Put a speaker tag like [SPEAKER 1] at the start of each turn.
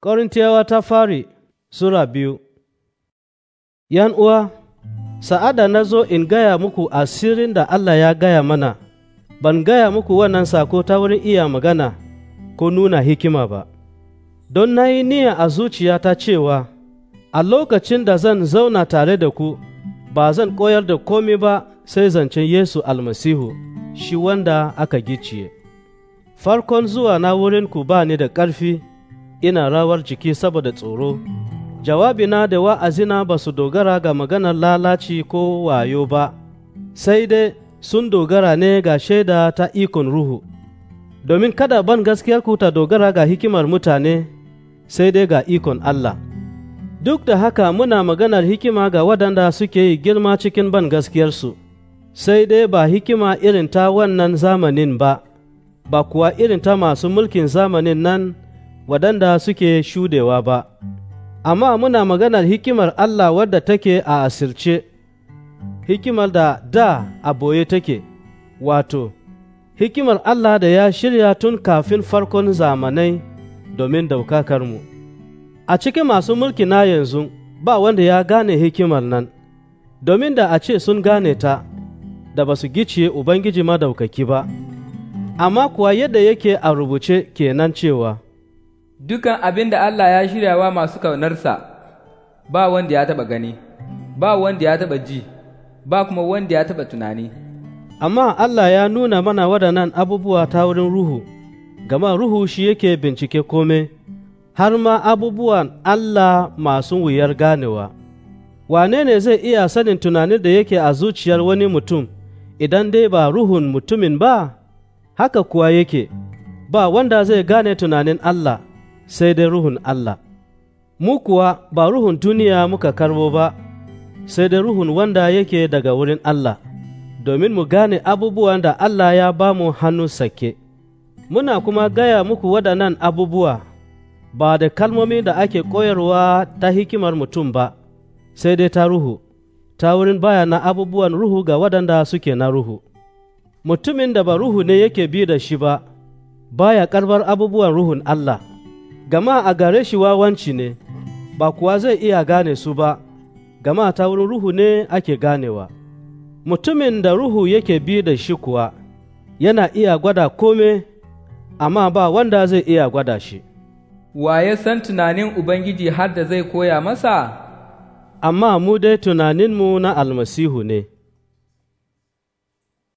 [SPEAKER 1] Korintiyawa ta fari Sura biyu ’Yan uwa, sa'ada na zo in gaya muku asirin da Allah ya gaya mana, ban gaya muku wannan sako ta wurin iya magana ko nuna hikima ba, don na yi niyya a zuciya ta cewa, a lokacin da zan zauna tare da ku, ba zan koyar da komi ba sai zancen Yesu almasihu, shi wanda aka gice. Farkon zuwa na wurinku ba ni da ƙarfi. ina rawar jiki saboda tsoro. Jawabina da wa'azina ba su dogara ga maganar lalaci ko wayo ba, sai dai sun dogara ne ga shaida ta ikon ruhu, domin kada ban gaskiyarku ta dogara ga hikimar mutane sai dai ga ikon Allah. Duk da haka muna maganar hikima ga waɗanda suke yi girma cikin ban gaskiyarsu, sai dai ba hikima irin ta wannan zamanin ba, ba kuwa irin ta masu mulkin zamanin nan. waɗanda suke shudewa ba, amma muna maganar hikimar Allah wadda take a asirce, hikimar da da a boye take, wato, hikimar Allah da ya shirya tun kafin farkon zamanai domin daukakarmu. A cikin masu mulki na yanzu ba wanda ya gane hikimar nan, domin da a ce sun gane ta, da ba su giciye Ubangiji madaukaki ba, amma kuwa yadda yake a rubuce kenan cewa.
[SPEAKER 2] dukan abin da Allah ya shirya wa masu kaunarsa ba wanda ya taɓa gani, ba wanda ya taɓa ji, ba kuma wanda ya taɓa tunani. Amma Allah ya nuna mana
[SPEAKER 1] waɗannan abubuwa ta wurin Ruhu, gama Ruhu shi yake bincike kome, har ma abubuwan Allah masu wuyar ganewa. Wane ne zai iya sanin tunanin da yake a zuciyar wani mutum idan dai ba Ruhun mutumin ba? Haka kuwa yake, ba wanda zai gane tunanin Allah. sai dai ruhun Allah. Mu kuwa ba ruhun duniya muka karbo ba, sai dai ruhun wanda yake daga wurin Allah, domin mu gane abubuwan da Allah ya ba mu hannu sake. Muna kuma gaya muku waɗannan abubuwa ba da kalmomi da ake koyarwa ta hikimar mutum ba, sai dai ta ruhu, ta wurin baya na abubuwan ruhu ga waɗanda suke na ruhu. Mutumin da ba ruhu ne yake bi da shi ba, baya karbar abubuwan ruhun Allah. gama a gare shi wawanci ne, ba kuwa zai iya gane su ba, gama ta wurin ruhu ne ake ganewa. Mutumin da ruhu yake bi da shi kuwa yana iya gwada kome, amma ba wanda zai iya gwada shi.
[SPEAKER 2] Waye san tunanin Ubangiji har da zai koya masa?
[SPEAKER 1] Amma mu dai tunaninmu na almasihu ne.